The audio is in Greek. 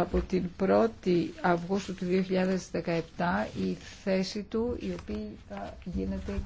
από την 1η Αυγούστου του 2017 η θέση του η οποία γίνεται